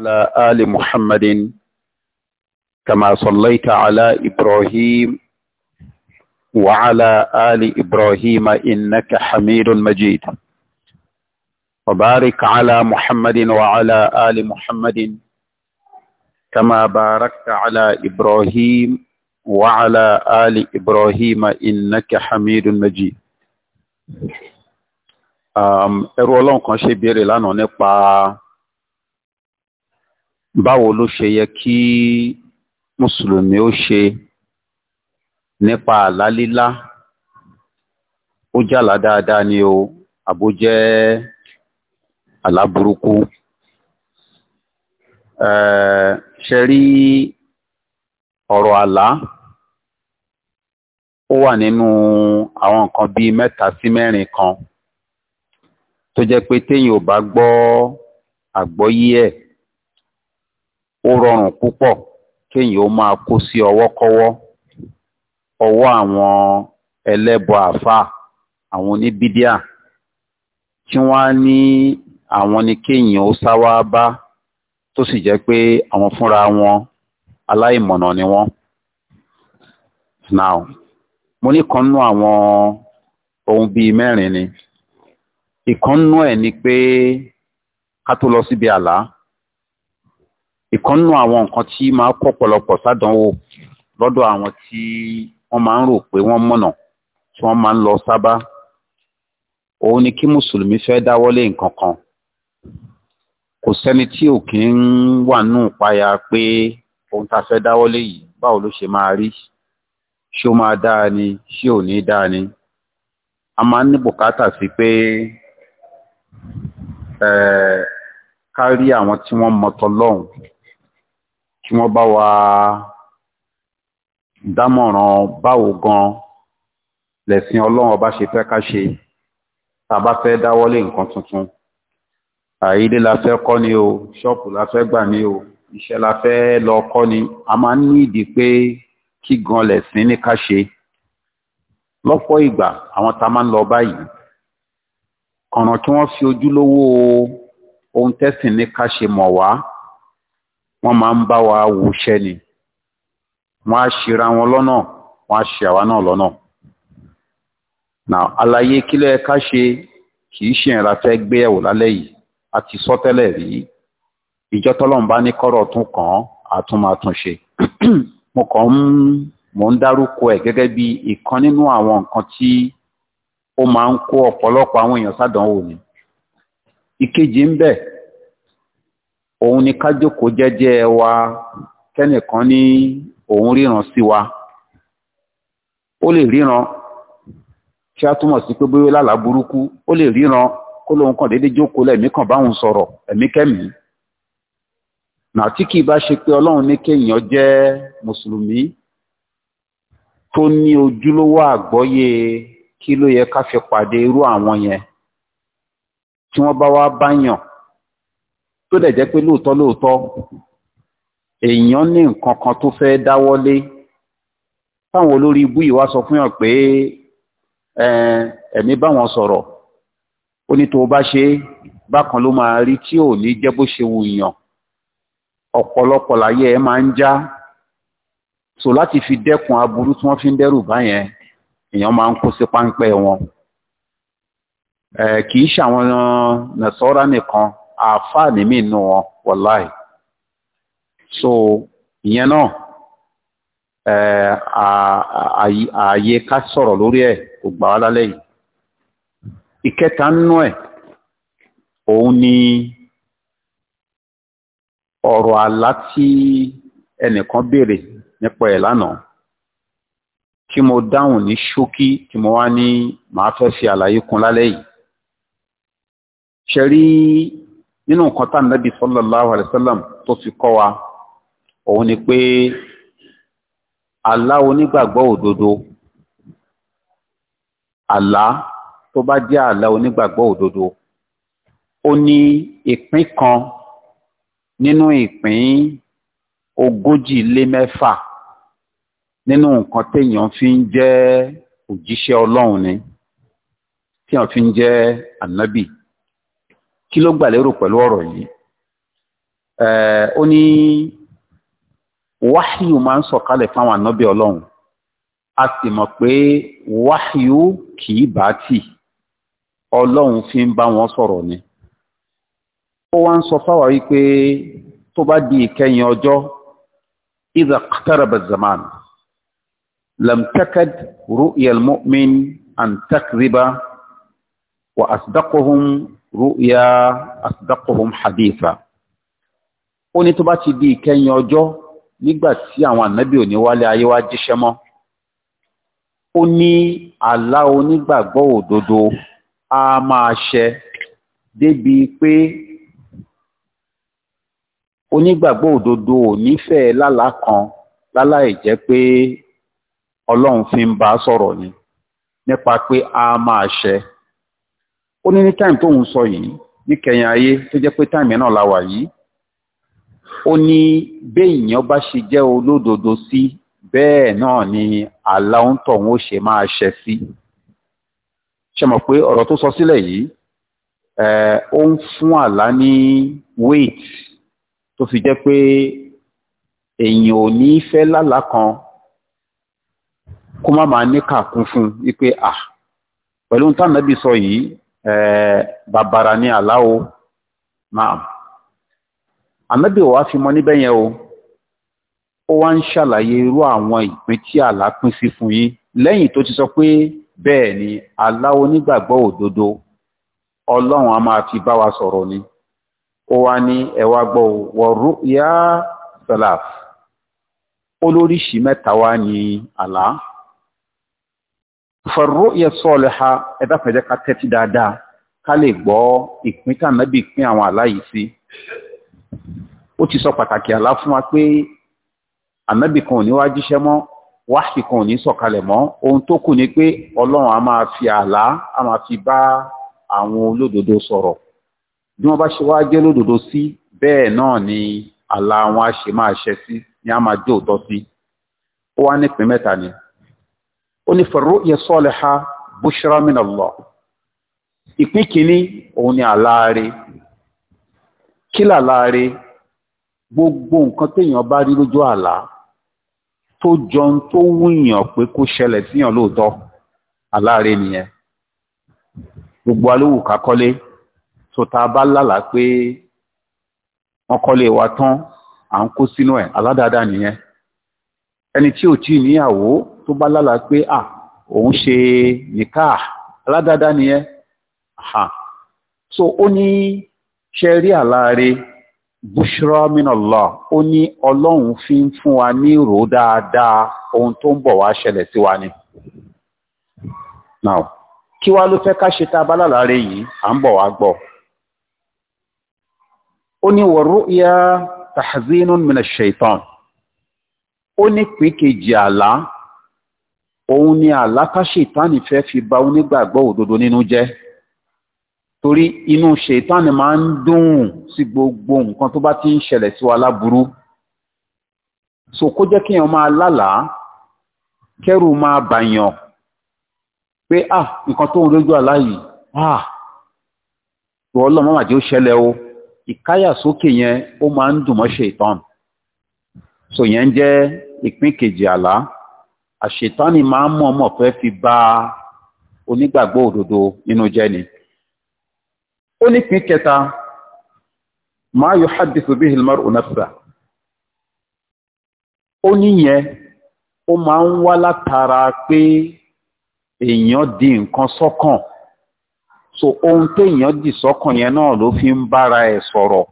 على آل محمد كما صليت على إبراهيم وعلى آل إبراهيم إنك حميد مجيد وبارك على محمد وعلى آل محمد كما باركت على إبراهيم وعلى آل إبراهيم إنك حميد مجيد ẹrù ọlọ́run kan ṣe béèrè lánàá nípa báwo ló ṣe yẹ kí mùsùlùmí ó ṣe nípa àlá lílá ó jàlá dáadáa ni o àbó jẹ́ àlá burúkú ṣe rí ọ̀rọ̀ àlá ó wà nínú àwọn nǹkan bíi mẹ́ta sí mẹ́rin kan tó jẹ́ pé téèyàn ò bá gbọ́ àgbọ́yé ẹ̀ ó rọrùn púpọ̀ kéèyàn ó máa kó sí ọwọ́kọ́wọ́ ọwọ́ àwọn ẹlẹ́bọ àfà àwọn oníbídíà tí wọ́n á ní àwọn ni kéèyàn ó sá wá bá tó sì jẹ́ pé àwọn fúnra wọn aláìmọ̀nà ni wọ́n. now mo ní kan nú àwọn ohun bíi mẹ́rin ni ìkan nú ẹ̀ ni pé ká tó lọ síbi àlá. ìkan nù àwọn nǹkan tí máa kọ́ pọ̀lọpọ̀ sádánwò lọ́dọ̀ àwọn tí wọ́n máa ń rò pé wọ́n mọ̀nà tí wọ́n máa ń lọ sábà òun ni kí mùsùlùmí fẹ́ dáwọ́lé nǹkan kan kò sẹ́ni tí ò kí ń wà nù páyà pé ohun tá a fẹ́ dáwọ́lé yìí báwo ló ṣe máa rí ṣé ó máa dáa ni ṣé ò ní dáa ni a máa ń ní bùkátà sí pé ká rí àwọn tí wọ́n mọ̀tọ́ lọ́hùn kí wọ́n bá wa dámọ̀ràn báwo gan lẹ̀sìn ọlọ́run ọba ṣe fẹ́ ká ṣe tá bá fẹ́ dáwọ́lé nǹkan tuntun àìdé la fẹ́ kọ́ ni o ṣọ́ọ̀pù la fẹ́ gbà ni o iṣẹ́ la fẹ́ lọ kọ́ ni a máa ń ní ìdí pé kí gan lẹ̀sìn ní ká ṣe lọ́pọ̀ ìgbà àwọn tá máa ń lọ báyìí ọ̀ràn tí wọ́n fi ojúlówó ohun tẹ́sìn ní ká ṣe mọ̀ wá wọ́n máa ń bá wa wòṣẹ́ ni wọ́n á ṣera wọn lọ́nà wọ́n á ṣe àwa náà lọ́nà. nà àlàyé kílẹ̀ ká ṣe kì í ṣe ìrìnà fẹ́ gbé ẹ̀wò lálẹ́ yìí a ti sọ tẹ́lẹ̀ rí ìjọ tọ́lọ́run bá ní kọ́rọ̀ tún kàn án àtún máa tún ṣe. mo kàn ń mò ń dárúkọ ẹ̀ gẹ́gẹ́ bí ìkan nínú àwọn nǹkan tí ó máa ń kó ọ̀pọ̀lọpọ̀ àwọn èèyàn sádánwò ni. ìkejì ń bẹ̀. òun ni ká jókòó jẹ́jẹ́ wa kẹ́nìkan ní òun ríran sí wa ó lè ríran kí a túmọ̀ sí pé bóyá lálàá burúkú ó lè ríran kó lóun kàn déédéé jókòó lẹ́mí kan báwọn sọ̀rọ̀ ẹ̀mí kẹ́mìí nàtí kì í bá ṣe pé ọlọ́run ní kéèyàn jẹ́ mùsùlùmí tó ní ojúlówó àgbọ́yé kí ló yẹ ká fi pàdé irú àwọn yẹn tí wọ́n bá wá báyàn tó dẹ̀ jẹ́ pé lóòótọ́ lóòótọ́ èèyàn ní nǹkan kan tó fẹ́ dáwọ́lé táwọn olórí ibú yìí wá sọ fún yàn pé ẹ̀mí báwọn sọ̀rọ̀ ó ní tó bá ṣe bákan ló máa rí tí ò ní jẹ́ bó ṣe wù yàn ọ̀pọ̀lọpọ̀ láyé ẹ máa ń já so láti fi dẹ́kun aburú tí wọ́n fi ń dẹ́rù báyẹn èèyàn máa ń kó sí páńpẹ́ wọn kì í ṣàwọn nàṣọ́rà nìkan àfáàní mi nù wọn wàláì so ìyẹn náà ààyè ká sọ̀rọ̀ lórí ẹ̀ kò gbà wá lálẹ́ yìí ìkẹta nínú òun ni ọ̀rọ̀ àlá tí ẹnìkan béèrè nípa ẹ̀ lánàá kí mo dáhùn ní ṣókí tí mo wá ní màá fẹ́ fi àlàyé kún nínú nǹkan tá nàbì sallallahu alaihi wasallam tó fi kọ́ wa òun ni pé àlá onígbàgbọ́ òdodo àlá tó bá jẹ́ àlá onígbàgbọ́ òdodo ó ní ìpín kan nínú ìpín ogójì lé mẹ́fà nínú nǹkan téèyàn fi ń jẹ́ òjíṣẹ́ ọlọ́run ni téèyàn fi ń jẹ́ ànábì kí ló gbà lérò pẹ̀lú ọ̀rọ̀ yìí ó ní wáhíù máa ń sọ̀kalẹ̀ fáwọn ànábì ọlọ́run a sì mọ̀ pé wáhíù kì í bá tì ọlọ́run fi ń bá wọn sọ̀rọ̀ ni ó wá ń sọ fáwa wípé tó bá di ìkẹyìn ọjọ́ idha qtaraba zaman lam takad mumin an takdhiba wa asdaquhum rúùyà asdaquhum haditha ó ní tó bá ti di ìkẹyìn ọjọ́ nígbà tí àwọn ànábì òní wálé ayé wá jíṣẹ́ mọ́ ó ní àlá onígbàgbọ́ òdodo a máa ṣẹ débi pé onígbàgbọ́ òdodo ò nífẹ̀ẹ́ lálàá kan láláì jẹ́ pé ọlọ́run fi ń bá sọ̀rọ̀ ni nípa pé a máa ṣẹ ó ní ní táìmù tóun sọ yìí níkẹyìn ayé tó jẹ́ pé táìmù náà la wà yìí ó ní béèyàn bá ṣe jẹ́ olódodo sí bẹ́ẹ̀ náà ni aláǹtọ̀hún ó ṣe máa ṣẹ sí ṣe mọ̀ pé ọ̀rọ̀ tó sọ sílẹ̀ yìí ó ń fún àlá ní weight tó fi jẹ́ pé èèyàn ò ní fẹ́ lálàá kan kó má máa níkà kún fún wípé à pẹ̀lú táwọn ẹbí sọ yìí bàbàrà ní àláwo máa ànábì wa fi mọ níbẹ̀ yẹn o ó wá ń ṣàlàyé irú àwọn ìpín tí àlá pín sí fún yín lẹ́yìn tó ti sọ pé bẹ́ẹ̀ ni àlá onígbàgbọ́ òdodo ọlọ́run a máa fi bá wa sọ̀rọ̀ ni ó wá ní ẹ wá gbọ́ wọ̀rú yá olóríṣìí mẹ́ta àlá fọ̀rọ̀yẹ sọ́ọ̀lẹ́ha ẹ̀dá pẹ̀jẹ́ ká tẹ́tí dáadáa ká lè gbọ́ ìpín tànàbí pín àwọn àlá yìí sí ó ti sọ pàtàkì àlá fún wa pé ànábì kan ò ní wá jíṣẹ́ mọ́ wáṣì kan ò ní sọ̀kalẹ̀ mọ́ ohun tó kù ni pé ọlọ́run a máa fi àlá a máa fi bá àwọn olódodo sọ̀rọ̀ bí wọ́n bá ṣe wá jẹ́ olódodo sí bẹ́ẹ̀ náà ni àlá wọn a ṣe máa ṣẹ sí ni a máa jóòtọ́ sí ó wá nípìn mẹ́ta ni ó ní farru'ya saliha bushra min Allah ìpín kìíní òun ni àláàrí kí làláàrí gbogbo nǹkan téèyàn bá rí lójú àlá tó jọ ń tó wúyàn pé kó ṣẹlẹ̀ síyàn lóòótọ́ àláàrí nìyẹn gbogbo alówù kakọ́lé tó ta bá lálàá pé wọ́n kọ́lé wa tán à ń kó sínú ẹ̀ aládáadáa nìyẹn ẹni tí ò tí ì níyàwó tó bá lálà pé à òun ṣe nìká aládádá nìyẹn ha so ó ní ṣẹ́rí àláre bushra minallah ó ní ọlọ́run fi ń fún wa ní ohun tó ń bọ̀ wá ṣẹlẹ̀ sí wa ni now kí wá ló fẹ́ ká ṣe tá a bá lálàáre yìí à ń bọ̀ wá gbọ́ ó ní warru'ya tahzinun minash shaitan òun ni àlápá ṣètánì fẹ́ fi ba onígbàgbọ́ òdodo nínú jẹ́ torí inú ṣètánì máa ń dùn sí gbogbo nǹkan tó bá ti ń ṣẹlẹ̀ sí wa láburú so kó jẹ́ kéèyàn máa lálàá kẹ́rù máa bàyàn pé ah nǹkan tóun lójú àlá yìí ah tó ọlọ́mọ màdí ó ṣẹlẹ̀ o ìkáyà sókè yẹn ó máa ń dùn mọ́ ṣètánì so yẹn jẹ́ ìpín kejì àlá àṣetánì máa ń mọ̀ọ́mọ̀ fẹ́ fi bá onígbàgbọ́ òdodo nínú jẹ́ ni ó ní pín kẹta ma yuhaddithu bihi al-mar'u nafsa ó níyẹn ó máa ń wá látara pé èèyàn di nǹkan sọ́kàn so ohun téèyàn sọ́kàn yẹn náà ló fi ń bára ẹ̀ sọ̀rọ̀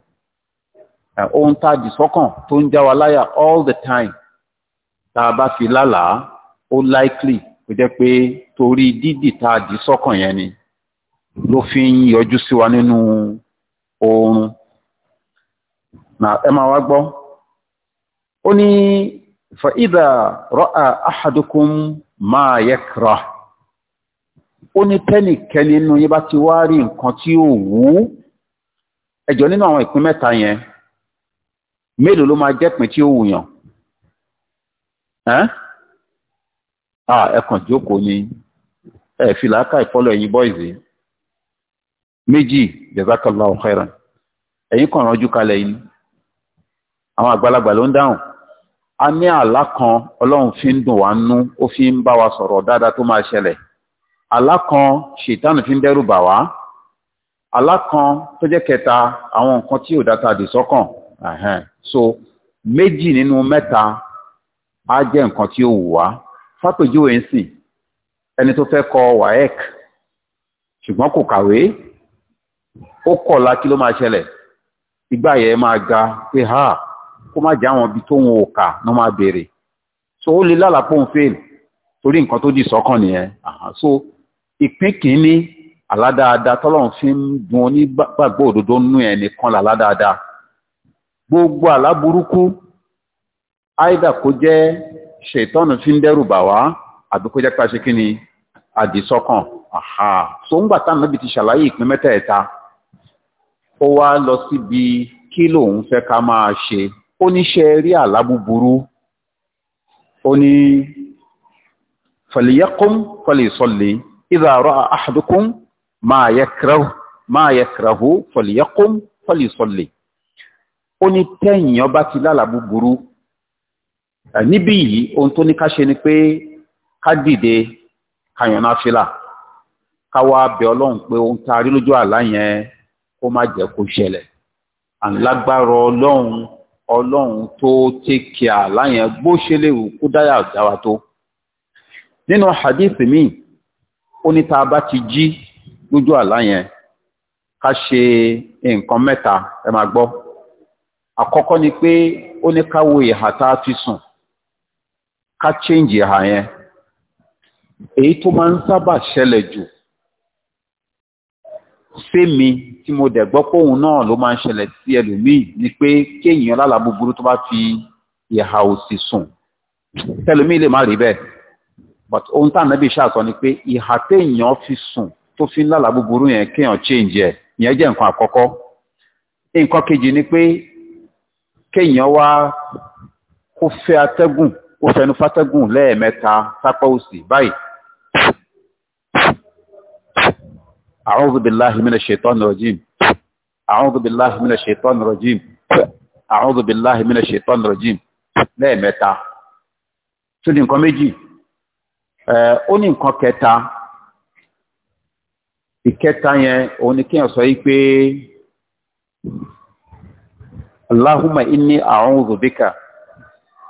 ohun tá a dì sọ́kàn tó ń já wa ó likely kò jẹ́ pé torí dídì tá a dì sọ́kàn yẹn ni ló fi ń yọjú sí wa nínú oorun ẹ máa wá gbọ́ ó ní fa idha ra'a ahadukum ma yakrah ó ní tẹ́nìkẹ́ni inú yín bá ti wá rí nǹkan tí ó wú ẹjọ́ nínú àwọn ìpín mẹ́ta yẹn mélòó ló máa jẹ́ tí ó wù ah ẹkàn jókòó ni ẹ fi làákà ìfọlọ ẹ̀yin bọ́ìsì méjì kan ránjú kalẹ̀ yìí àwọn àgbàlagbà ló ń dáhùn a ní àlá kan ọlọ́run fi ń dùn wá nú ó fi ń bá wa sọ̀rọ̀ dáadáa tó máa ṣẹlẹ̀ àlá kan fi ń dẹ́rù bà wá àlá kan tó jẹ́ kẹta àwọn nǹkan so méjì nínú mẹ́ta á jẹ́ nǹkan tí fápèjúwe ń sìn ẹni tó fẹ́ kọ waec ṣùgbọ́n kò kàwé ó kọ̀ la kí ló máa ṣẹlẹ̀ ga pé ha kó má jẹ́ àwọn ibi tó ń òkà ló máa so ó lè lálàpọ̀ ń torí nǹkan tó di sọ́kàn nìyẹn so ìpín kìíní àládáadáa tọ́lọ́run fi ń dun onígbàgbọ́ òdodo nú gbogbo áìdà ṣètọ́nù fi ń dẹ́rù bà wá àbí kó jẹ́ pé a ṣe kí ni àdìsọ́kàn àhà so ń gbà tá nàbì ti ṣàlàyé ìpín mẹ́tẹ̀ẹ̀ta ó wá lọ síbi kí lòun fẹ́ ká máa ṣe ó ní ṣe rí àlá ó ní fàlìyẹ́kùn fàlìsọ̀lì ìdàrọ̀ àhàdùkùn máa yẹ kìràhù fàlìyẹ́kùn fàlìsọ̀lì ó ní tẹ́yìn ọba ti lálàá níbí yìí ohun tó ní ká ṣe ni pé ká dìde ká yàn náfìlà ká wá bẹ ọlọ́run pé ohun tá a rí lójú àlá yẹn kó má jẹ́ kó ṣẹlẹ̀ àlágbára ọlọ́run ọlọ́run tó tẹ́kẹ̀ àlá yẹn bó ṣe léwu kó dáyà dáwà tó nínú hadith mi ó ní tá a bá ti jí lójú àlá yẹn ká ṣe nǹkan mẹ́ta ẹ máa gbọ́ àkọ́kọ́ ni pé ó ní ká wo ìhà tá a ti sùn ká change ìhà yẹn èyí tó máa ń sábà ṣẹlẹ̀ jù sẹ́mi tí mo dẹ̀ gbọ́ pé òun náà ló máa ń ṣẹlẹ̀ sí ẹlòmíì ni pé kéèyàn lálàá búburú tó bá fi ìhà òsì sùn tẹlòmíì lè má rí bẹ́ẹ̀ but ohun tá ànábì ṣàtọ́ ni pé ìhà téèyàn fi sùn tó fi ń lálàá búburú yẹn kéèyàn change ẹ̀ ìyẹn jẹ́ nǹkan àkọ́kọ́ nǹkan kejì ni pé kéèyàn wá kó fẹ́ atẹ́gùn ó fẹnu fátẹ́gùn lẹ́ẹ̀mẹ́ta sápá òsì báyìí. A'udhu billahi minash shaitanir rajim. A'udhu billahi minash shaitanir rajim. A'udhu la minash shaitanir rajim. lẹ́ẹ̀mẹ́ta. Tó ní nǹkan méjì. Ó ní nǹkan sọ yí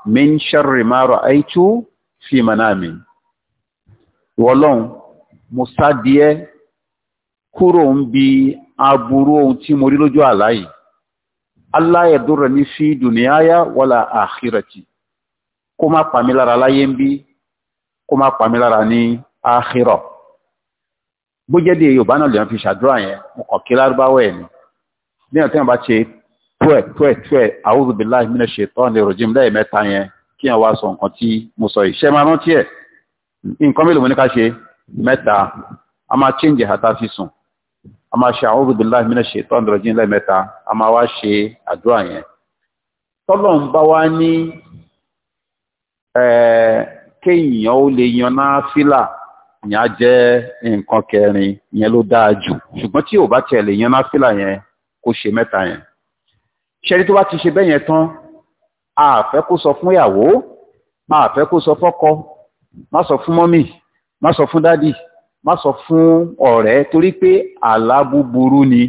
min sharri ma ra'aytu fi manami wọ́lọ́un mo sádìẹ́ kúrò ń bi aburú ohun tí mo rí lójú àláyé Allah yadurrani fi dunyaya wala akhirati kó má pàmí lára láyé ń bí kó má pàmí lára ní àkhírà bó jẹ́ di Yorùbá náà lèèyàn fi ṣàdúrà yẹn mo lárúbáwọ̀ ẹ̀ ni bí wọn bá ṣe twelve twelve twelve a'udhu billahi minash shaitani rojim lẹ́ẹ̀mẹ́ta yẹn kí ẹ wá sọ nǹkan tí mo sọ yìí ṣe máa rántí ẹ̀ nǹkan mélòó mo ní ká ṣe mẹ́ta a máa change hata fi a máa ṣe a'udhu billahi minash shaitani rojim lẹ́ẹ̀mẹ́ta a máa wá ṣe àdúrà yẹn tọ́lọ̀ ń bá wá ní eh, kéèyàn ó lè yan náà fílà ìyẹn á jẹ́ nǹkan ṣẹ́rí tó bá ti ṣe bẹ́yẹn tán àfẹ́ kó sọ fún ìyàwó máa fẹ́ kó sọ fọ́kọ má sọ fún mọ́mì má sọ fún dádì má sọ fún ọ̀rẹ́ torí pé àlá búburú ni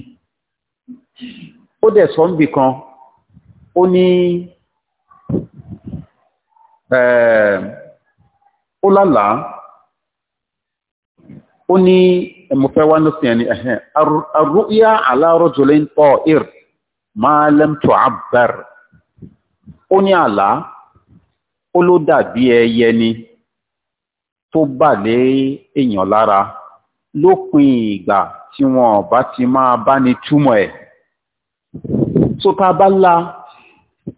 ó dẹ̀ sọ níbì kan ó ní eh, ó lálàá ó ní ẹ̀mọ̀fẹ́ wá ní sí ẹni ẹ̀hẹ́n arúyá àlárọ̀ jùlẹ̀ ń tọ́ ìrì ma lam tu'abbar ó ní àlá ó ló dàbí ẹyẹ ni tó bà lé èèyàn lára lópin ìgbà tí wọn bá ti máa bá ní túmọ̀ ẹ̀ tó ta bá la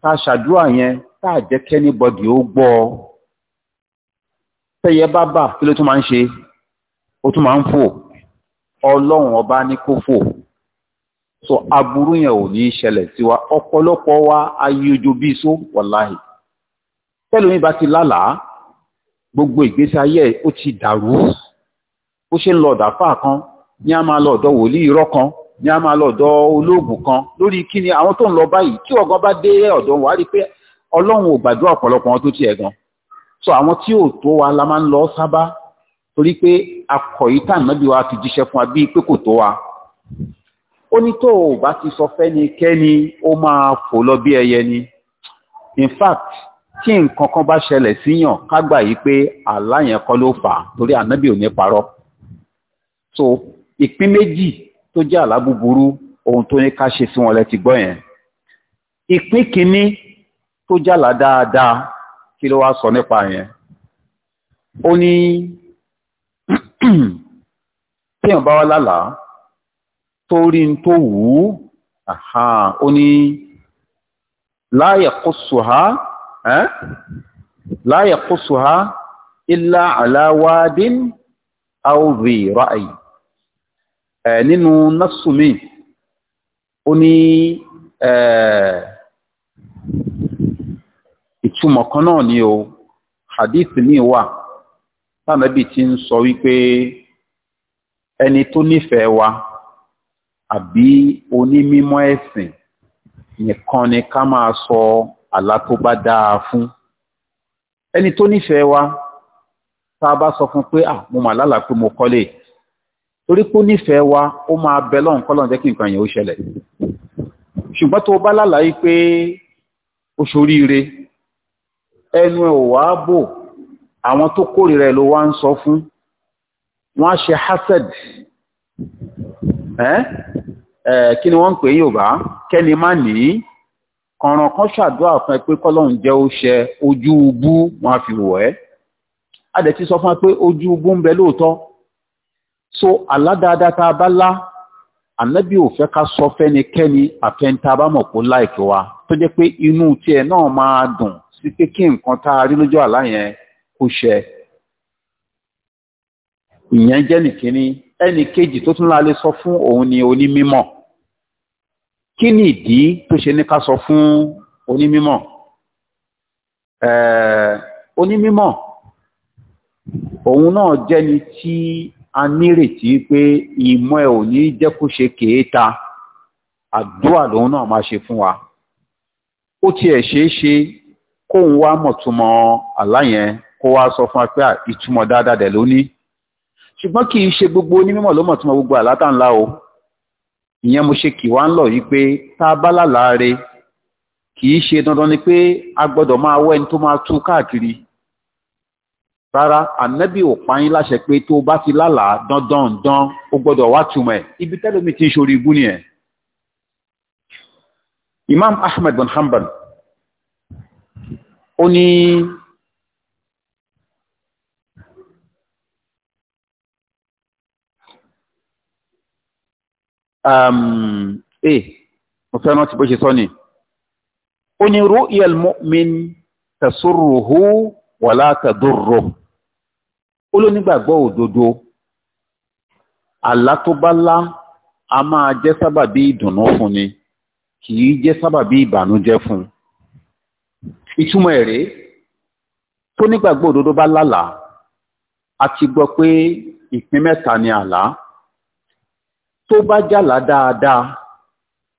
ta ṣàdúrà yẹn tá a jẹ́ kẹ́nìbọ̀dì ó gbọ́ ọ tẹ́yẹ bá bà kí ló tún máa ń ṣe ó tún máa ń fò ọlọ́run ọba ní kó fò so aburú yẹn ò ní ṣẹlẹ̀ sí wa ọ̀pọ̀lọpọ̀ wa ayéjo bíi só wàláhì tẹ́lómi bá ti lálàá gbogbo ìgbésí ayé ó ti dàrú ó ṣe ń lọ dàfà kan ní a máa lọ ọ̀dọ̀ wòlíì irọ́ kan ní a máa lọ ọ̀dọ̀ olóògùn kan lórí kíni àwọn tó ń lọ báyìí tí ọ̀gán bá dé ọ̀dọ̀ wà á rí pé ọlọ́run ò gbàdúrà ọ̀pọ̀lọpọ̀ wọn tó tiẹ̀ gan so àwọn tí ò tó wa la máa ń lọ sábà torí pé akọ̀yí tànàbí wa fi jíṣẹ́ fún wa bíi pé kò tó wa ó ní tó o bá ti sọ fẹ́nikẹ́ni ó máa fò lọ bí ẹyẹ ni in fact tí nǹkan kan bá ṣẹlẹ̀ síyàn kágbà yìí pé àlá yẹn kọ́ ló fà á torí ànábì ò ní parọ́ so ìpín méjì tó jẹ́ àlá búburú ohun tó ní ká ṣe sí wọn lẹ ti gbọ́ yẹn ìpín kínní tó jàlá dáadáa kí ló wá sọ nípa yẹn ó ní téèyàn bá wá lálàá torí ń tó wù ú ó ní láyẹ̀ kó sùhá láyẹ̀ kó sùhá ilá aláwádín áwùbí ra'ayi nínú násùmí ó ní ìtumọ̀ kan náà ni o hadith ní wà tánàbí ti ń sọ wípé ẹni wa àbí onímímọ́ ẹ̀sìn nìkan ni ká máa sọ àlá tó bá dáa fún ẹni tó nífẹ̀ẹ́ wa tá a bá sọ fún pé ah mo mà lálàá pé mo kọ́lé torí pé ó nífẹ̀ẹ́ wa ó máa bẹ lọ́hùn kọ́lọ́n jẹ́ kí nǹkan yẹn ó ṣẹlẹ̀ ṣùgbọ́n tó bá lálàá yìí pé ó ṣoríire ẹnu ẹ̀ ò wá bò àwọn tó kórìíra ẹ̀ ló wá ń sọ fún wọ́n á ṣe hasad Eh, kí ni wọ́n ń pè Yorùbá kẹ́ni má ní kọ̀ọ̀ràn kan ṣàdúrà fún ẹ pé kọ́lọ́run jẹ́ ó ṣe ojú ubú wọn á fi wọ̀ ẹ́ a dẹ̀ ti sọ fún ẹ pé ojú ubú ń bẹ lóòótọ́ so aládáadáa tá a bá lá ànábì ò fẹ́ ká sọ fẹ́nikẹ́ni àfẹ́ntà bá mọ̀ kó láìkí wa tó jẹ́ pé inú tiẹ̀ náà máa dùn sí pé kí nǹkan tá a rí lójú àlá yẹn kó ṣe ìyẹn jẹ́ nìkíní ẹnì kejì tó tún láalé sọ fún òun ni onímímọ̀ kí ni ìdí tó ṣe ní ká sọ fún onímímọ̀ onímímọ̀ òun náà jẹ́ni tí a nírètí pé ìmọ̀ ẹ̀ ò ní jẹ́ kó ṣe kèéta àdúrà lòun náà máa ṣe fún wa ó tiẹ̀ ṣeé ṣe kóun wá mọ̀túmọ̀ àlá yẹn kó wá sọ fún wa pé ìtumọ̀ dáadáa dẹ̀ ló ní ṣùgbọ́n kì í ṣe gbogbo onímímọ̀ ló mọ̀túmọ̀ gbogbo àlá tá ńlá o ìyẹn mo ṣe kì wá ń lọ yìí pé tá a bá lálàáre kì í ṣe dandan ni pé a gbọ́dọ̀ máa wẹ́ni tó máa tú káàkiri rárá ànábì ò pààyàn láṣẹ pé tó bá ti lálàá dandan dan ó gbọ́dọ̀ wá túmọ̀ ẹ̀ ibi tẹ́lómi ti ń ṣorí igú nìyẹn. Imam Ahmed bin Hanbal ó ní. Um, ee eh, mo fẹ́ràn ti bó ṣe sọ ni ó ní ru'yal mu'min tasurruhu wala tadurruh ó ló nígbàgbọ́ àlá tó bá lá a máa jẹ́ sábàbí ìdùnnú fún ni jẹ́ sábàbí ìbànújẹ́ fún ìtumọ̀ ẹ̀rẹ́ tó nígbàgbọ́ bá lálàá a ti gbọ́ pé ìpín mẹ́ta ni àlá tó bá jàlá dáadáa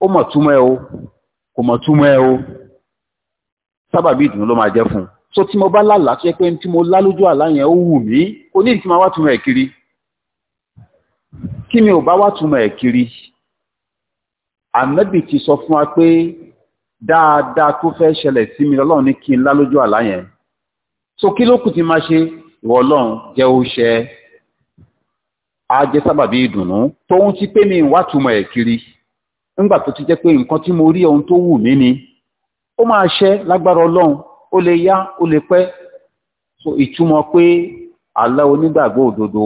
ó mọ̀ túmọ̀ ẹ o kò mọ̀ túmọ̀ ẹ o sábàbí ìdùnnú ló máa jẹ́ fún un so tí mo bá lálàá tó yẹ pé tí mo lálójú àlá yẹn ó wù mí kò ní ìdí tí máa wá túmọ̀ ẹ̀ kiri kí mi ò bá wá túmọ̀ ẹ̀ kiri ànábì ti sọ fún wa pé dáadáa tó fẹ́ ṣẹlẹ̀ sí mi lọ́lọ́run ní kí n lálójú àlá yẹn so kí ló kù ti máa ṣe ìwọ ọlọ́run jẹ́ ó á jẹ́ sábàbí ìdùnnú tóun ti pé mi wá túmọ̀ ẹ̀ kiri ńgbà tó ti jẹ́ pé nǹkan tí mo rí ohun tó wù mí ni ó máa ṣẹ lágbára ọlọ́run ó lè yá ó lè pẹ́ so ìtumọ̀ pé àlá onígbàgbọ́ òdodo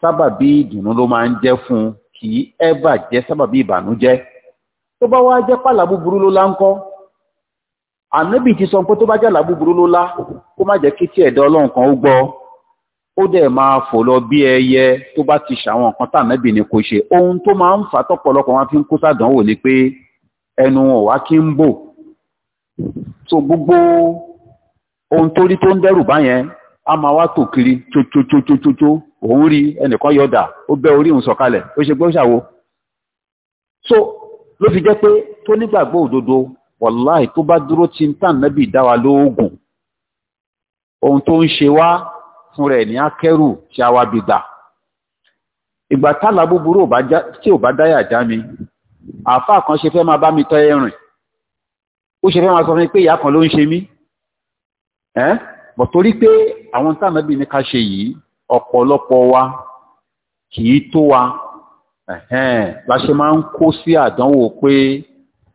sábàbí ìdùnnú ló máa ń jẹ́ fún un kì í ẹ́bà jẹ́ sábàbí ìbànújẹ́ tó bá wá jẹ́ pàlà búburú ló lá ń ànábì ti sọ pé tó bá jẹ́ àlá búburú ló lá kó má jẹ́ kí tí ẹ̀dá ọlọ́run kan ó gbọ́ ó dẹ̀ máa fò lọ bí ẹyẹ tó bá ti ṣàwọn nǹkan tànàbì ni kò ṣe ohun tó máa ń fà tọ́pọ̀lọpọ̀ wọn fi ń kó sàdánwò ni pé ẹnu ọ̀wá kí ń bò so gbogbo ohun tó rí tó ń dẹ́rù báyẹn a máa wá tò kiri tsotsotsotsotso òun rí ẹnìkan yọ̀dà ó bẹ́ orí òun sọ̀kalẹ̀ so ló fi jẹ́ pé tó nígbàgbọ́ òdodo wàláì tó bá dúró ti ń dá wa lóògùn ohun tó ń ṣe fún rẹ̀ ní akẹ́rù tí a wá bí gbà ìgbà tálà búburú tí ò bá dáyà já mi àáfàá kan ṣe fẹ́ máa bá mi tọ́ ẹ̀rìn ó ṣe fẹ́ máa sọ fún mi pé ìyá kan ló ń ṣe mí bọ̀ torí pé àwọn tánàbí ní ká ṣe yìí ọ̀pọ̀lọpọ̀ wa kì í tó wa la ṣe máa ń kó sí àdánwò pé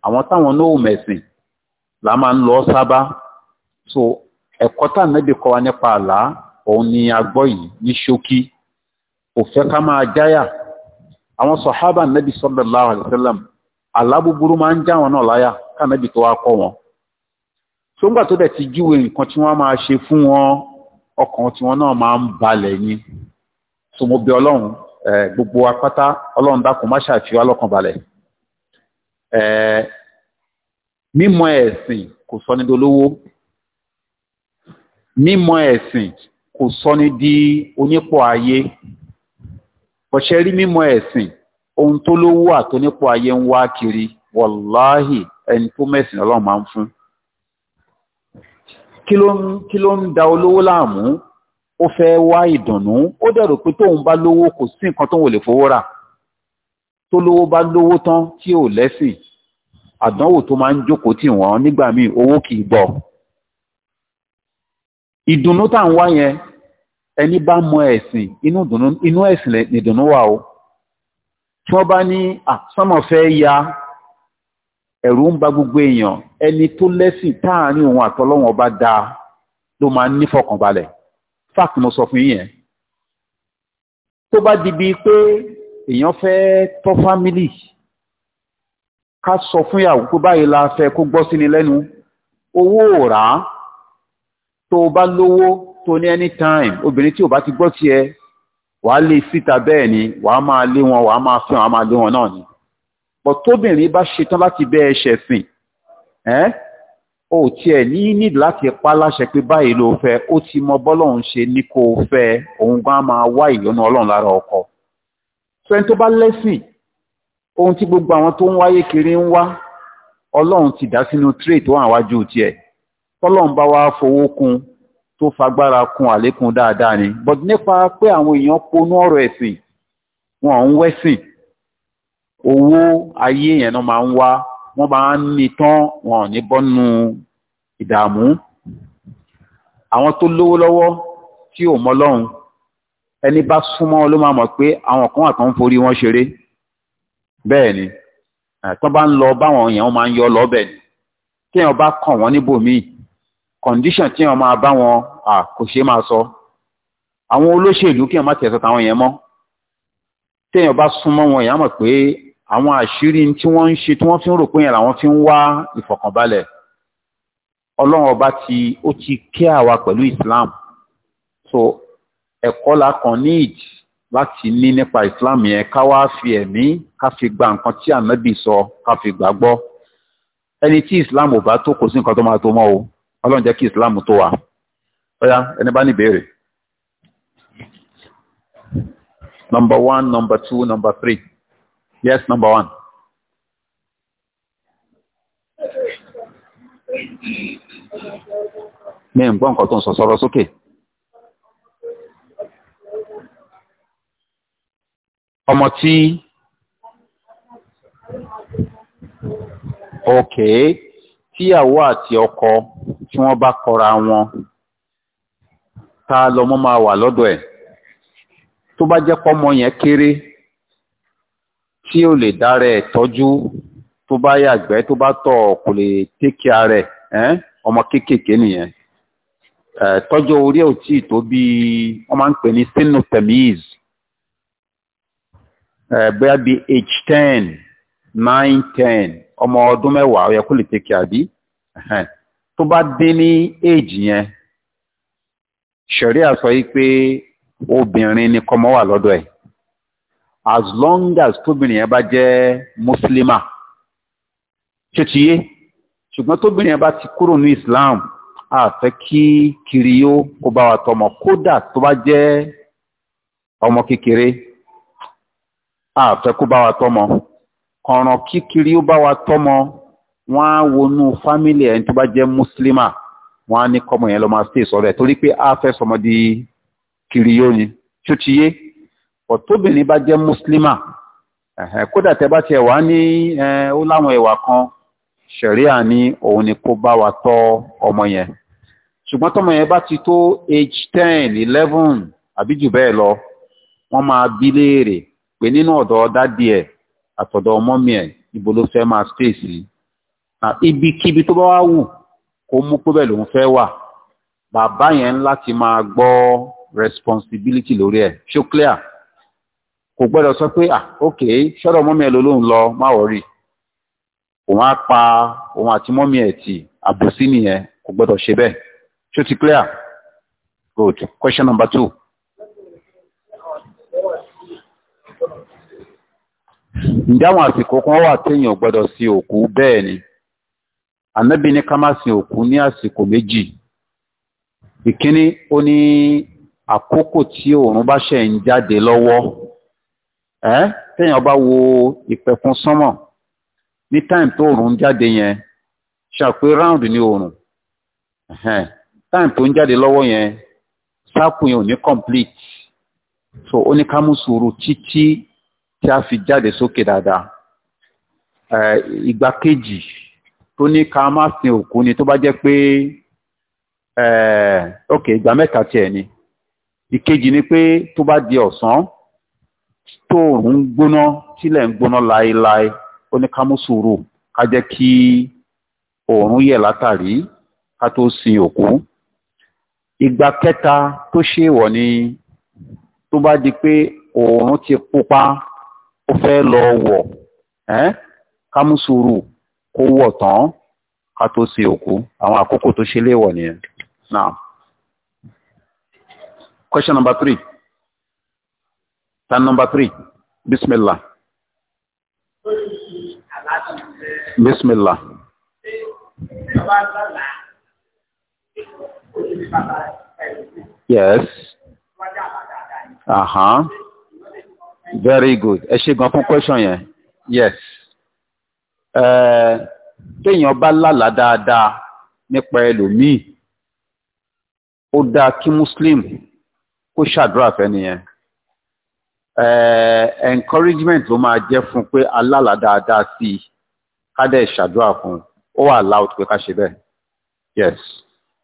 àwọn táwọn náà mẹ̀sìn la máa ń lọ sábà so ẹ̀kọ́ tánàbí kọ́ wa nípa àlá òun ni agbọ́ yìí ní ṣókí kò fẹ́ ká máa jáyà àwọn sọ̀hábà nẹ́bí sallallahu alaihi wasallam alábúburú máa ń já wọn náà láyà ká nẹ́bí tó wá kọ́ wọn tó ń gbà tó dẹ̀ ti júwe nǹkan tí wọ́n máa ṣe fún wọn ọkàn tí wọ́n náà máa ń balẹ̀ ni so mo bẹ̀ ọlọ́run gbogbo apáta ọlọ́run dákun má ṣàfihàn ọlọ́kàn balẹ̀ mímọ̀ ẹ̀sìn kò sọ ní dolówó mímọ̀ ẹ̀sìn kò sọni di onípò ayé ọ̀ṣẹ́ rí mímọ̀ ẹ̀sìn ohun tó lówó àtọ́nípò ayé ń wá kiri wàláhì ẹni tó mẹ́sìn ọlọ́run máa ń fún kí ló ń da olówó láàmú ó fẹ́ wá ìdùnnú ó dẹ̀rù pé tóun bá lówó kò sí nǹkan tóun ò lè fowó rà tó lówó bá lówó tán tí ò lẹ́sìn àdánwò tó máa ń jókòó tì wọ́n nígbà míì owó kì í gbọ́ ìdùnnú tá à ń wá yẹn ẹni bá mọ ẹ̀sìn inú ẹ̀sìn nìdùnnú wà o tí wọ́n bá ní àsánmọ̀ fẹ́ ya ẹ̀rù ń ba gbogbo èèyàn ẹni tó lẹ́sìn táàrin òun àtọlọ́wọ̀n ọba dáa ló máa ń nífọ̀kànbalẹ̀ fáàkì mo sọ fún yín yẹn tó bá di bíi pé èèyàn fẹ́ tọ́ fámílì ká sọ fún yàwó pé báyìí la fẹ́ kó gbọ́ sí ni lẹ́nu owó ò rà á tó o bá lówó tó ní anytime obìnrin tí ò bá ti gbọ́ tiẹ̀ wàá lé síta bẹ́ẹ̀ ni wàá máa lé wọn wàá máa fẹ́ wàá máa lé wọn náà ni bọ̀ tóbìnrin bá ṣetán láti bẹ́ ẹṣẹ̀ sìn ẹ́ o tiẹ̀ ní nídìí láti pa láṣẹ pé báyìí ló fẹ́ ó ti mọ bọ́lọ́run ṣe ní kó o fẹ́ òun gan máa wá ìyọ́nú ọlọ́run lára ọkọ fẹ́ni tó bá lẹ́sìn ohun tí gbogbo àwọn tó ń wáyé kiri ń wá ọlọ́run ti dá sínú tray tó wà wájú tiẹ̀ tọ́lọ́run bá wá fowó kún tó fagbára kun àlékún dáadáa ni but nípa pé àwọn èèyàn ponú ọ̀rọ̀ ẹ̀sìn wọn ń wẹ́sìn owó ayé yẹn náà máa ń wá wọ́n bá ń ní tán wọn ò ní bọ́nú ìdààmú àwọn tó lówó lọ́wọ́ tí ò mọ lọ́hùn ẹni bá súnmọ́ ló máa mọ̀ pé àwọn kan àtàn ń forí wọn ṣeré bẹ́ẹ̀ ni tó bá ń lọ báwọn èèyàn máa ń yọ lọ́bẹ̀ ni téèyàn bá kàn wọ́n níbòmíì condition téèyàn máa bá wọn kò ṣe máa sọ àwọn olóṣèlú kí wọ́n má tẹ̀sọ̀ táwọn yẹn mọ́ téèyàn bá súnmọ́ wọn èèyàn mọ̀ pé àwọn àṣírí tí wọ́n ń ṣe tí wọ́n fi ń rò pé yẹn làwọn fi ń wá ìfọ̀kànbalẹ̀ ọlọ́run ọba ti ó ti kẹ́ àwa pẹ̀lú Islam so ẹ̀kọ́ la kàn ní ìdí láti ní nípa Islam yẹn ká wá fi ẹ̀mí ká fi gba nǹkan tí ànábì sọ ká fi gbàgbọ́ ẹni tí Islam ò bá tó kò sí nǹkan tó máa tó mọ́ o ọlọ́run jẹ́ kí Islam tó wà ọ̀yá ẹni bá ní ìbéèrè. number one number two number three yes number one. mi ń gbọ́ nǹkan tó ń sọ sọ̀rọ̀ sókè. ọmọ tí ok tíyàwó àti ọkọ tí wọ́n bá kọra wọn ta lọmọ máa wà lọ́dọ̀ ẹ̀ tó bá jẹ́ pọ́mọ yẹn kéré tí ò lè dára ẹ̀ tọ́jú tó bá yàgbẹ́ tó bá tọ̀ kò lè tẹ́kí ara ẹ̀ ọmọ kéékèèké nìyẹn tọ́jú orí ò tí ì tó bí wọ́n máa ń pè ní sinu bóyá bíi age ten nine ten ọmọ ọdún mẹ́wàá ó yẹ kó lè tẹ́kí àbí tó bá dín ní age yẹn ṣẹ̀ríà sọ yí pé obìnrin ni kọ́mọ wà lọ́dọ̀ ẹ̀ as long as tóbìnrin yẹn bá jẹ́ mùsùlùmá ṣe ti yé ṣùgbọ́n tóbìnrin yẹn bá ti kúrò ní Islam àfẹ́ kí kiri yó kó bá wa tọmọ kódà tó bá jẹ́ ọmọ kékeré àfẹ́ kó bá wa tọmọ ọ̀ràn kíkiri ó bá wa tọmọ wọ́n á wọnú fámílì ẹni tó bá jẹ́ mùsùlùmá wọ́n á ní kọ́mọ yẹn lọ máa stay sọ́rọ̀ ẹ̀ torí pé a fẹ́ sọmọ di kiri yóò ni tó ti yé ọ̀tóbìnrin bá jẹ́ mùsùlímà kódà tẹ́ bá tiẹ̀ wá ní ó láwọn ìwà kan ṣẹ̀ríà ní òun ni kó bá wa tọ́ ọmọ yẹn ṣùgbọ́n tọ́mọ yẹn bá ti tó age ten eleven àbí jù bẹ́ẹ̀ lọ wọ́n máa bí léèrè pé nínú ọ̀dọ̀ dádì ẹ̀ àtọ̀dọ̀ ọmọ mi ẹ̀ ibo ló fẹ́ máa stay sí ibikíbi tó bá wá wù kó mú pé lòun fẹ́ wà bàbá yẹn láti máa gbọ́ responsibility lórí ẹ̀ ṣó clear kò gbọ́dọ̀ sọ pé ah ok ṣọ́dọ̀ mọ́mí ló lóun lọ má wọ̀rí òun pa òun àti mọ́mí ẹ̀ tì àbòsí nìyẹn kò gbọ́dọ̀ ṣe bẹ́ẹ̀ ti clear good question number two. ǹjẹ́ àwọn àsìkò kan wà téèyàn gbọ́dọ̀ sí òkú bẹ́ẹ̀ ni ànábì ní ká má sin òkú ní àsìkò méjì ìkíní ó ní àkókò tí òòrùn bá ṣẹ̀ ń jáde lọ́wọ́ ẹ́ téèyàn bá wo ìpẹ̀kun sánmọ̀ ní time tó òòrùn ń jáde yẹn ṣàpé round ní òòrùn time tó ń jáde lọ́wọ́ yẹn sáàkù yẹn ò ní complete so ó ní ká mú sùúrù títí tí a fi jáde sókè dáadáa ìgbà kejì tó ní ká má sin òkú ni tó bá jẹ́ pé eh, ok ìgbà mẹ́ta tiẹ̀ ni ìkejì ni pé tó bá di ọ̀sán tó gbóná tílẹ̀ ń gbóná láéláé ó ní ká mú sùúrù ká jẹ́ kí òòrùn yẹ̀ látàrí ká tó sin òkú ti pupa ó fẹ́ lọ wọ̀ eh, ká mú sùúrù kó wọ̀ tán ká tó sin òkú àwọn àkókò tó ṣe léèwọ̀ nìyẹn now question number three turn number three bismillah bismillah. Yes. Uh-huh. Very good. Ẹ ṣe gan fún question yẹn. Yes téèyàn bá lálàá dáadáa nípa ẹlòmíì ó dáa kí muslim kó ṣàdúrà fẹ́niyẹn encouragement ló máa jẹ́ fún pé alálàá dáadáa sí i ká dẹ̀ ṣàdúrà fún un ó wà allowed pé ká ṣe bẹ́ẹ̀ yes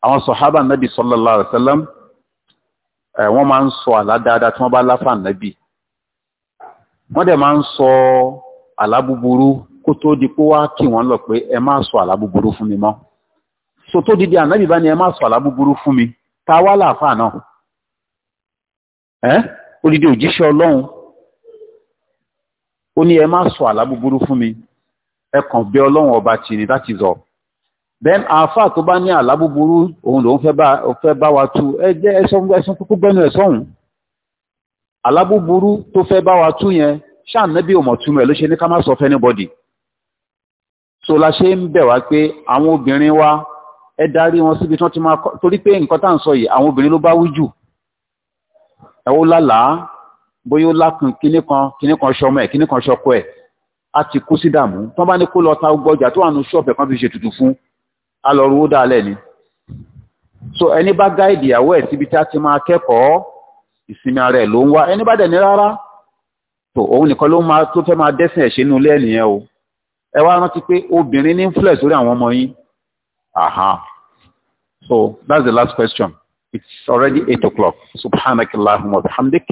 àwọn sọ̀hábà nàbì sallallahu alaihi wasallam wọ́n máa ń sọ àlá dáadáa tí wọ́n bá láfà nàbì wọ́n dẹ̀ máa ń sọ àlá búburú kó tó di pé wá kí wọ́n lọ pé ẹ má sọ àlá búburú fún mi mọ́ so tó dìde ànábì bá ní ẹ má sọ àlá búburú fún mi ta wá láàfáà náà ẹ́ odidi òjíṣẹ́ ọlọ́run ó ní ẹ má sọ àlá búburú fún mi ẹ kàn bẹ ọlọ́run ọba tì ní láti zọ then àáfáà tó bá ní àlá búburú òun lòun fẹ́ bá wa tú ẹ jẹ́ ẹsùn kúkú bẹ́nu ẹ̀ sọ́hùn àlá búburú tó fẹ́ bá wa tú yẹn ṣáà nẹ́bí òmọ̀túnú ẹ̀ ló ṣe ní ká má sọ fẹ́ anybody so la ṣe ń bẹ̀ wá pé àwọn obìnrin wa ẹ darí wọn síbi tí wọ́n ti máa kọ́ torí pé nǹkan tá à ń sọ yìí àwọn obìnrin ló bá wí jù ẹ ó lálàá bóyá ó lákùn kíní kan kíní kan ṣọmọ ẹ kíní kan ṣọkọ ẹ a ti kú sí dààmú tí wọ́n bá ní kó lọ ta gbogbo ọjà tó wà nù ṣọ́ọ̀bù kan fi ṣe tutù fún a lọ rówó dálẹ̀ ni so ẹni bá gáìdì ìyàwó ẹ̀ síbi tí a ti máa kẹ́kọ̀ọ́ ìsinmi ara ẹ̀ ló ń wá ẹni bá dẹ̀ ní rárá tó òun nìkan ló máa tó fẹ́ máa dẹ́sìn ẹ̀ṣẹ́ nínú ilé nìyẹn o ẹ wá rántí pé obìnrin ní influence lórí àwọn ọmọ yín aha so that's the last question it's already eight o'clock subhanakallahumma wa bihamdik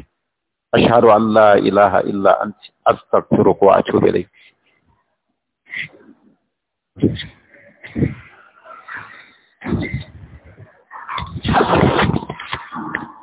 ashhadu an la ilaha illa anti astaghfiruka wa atubu ilayk. Thank you.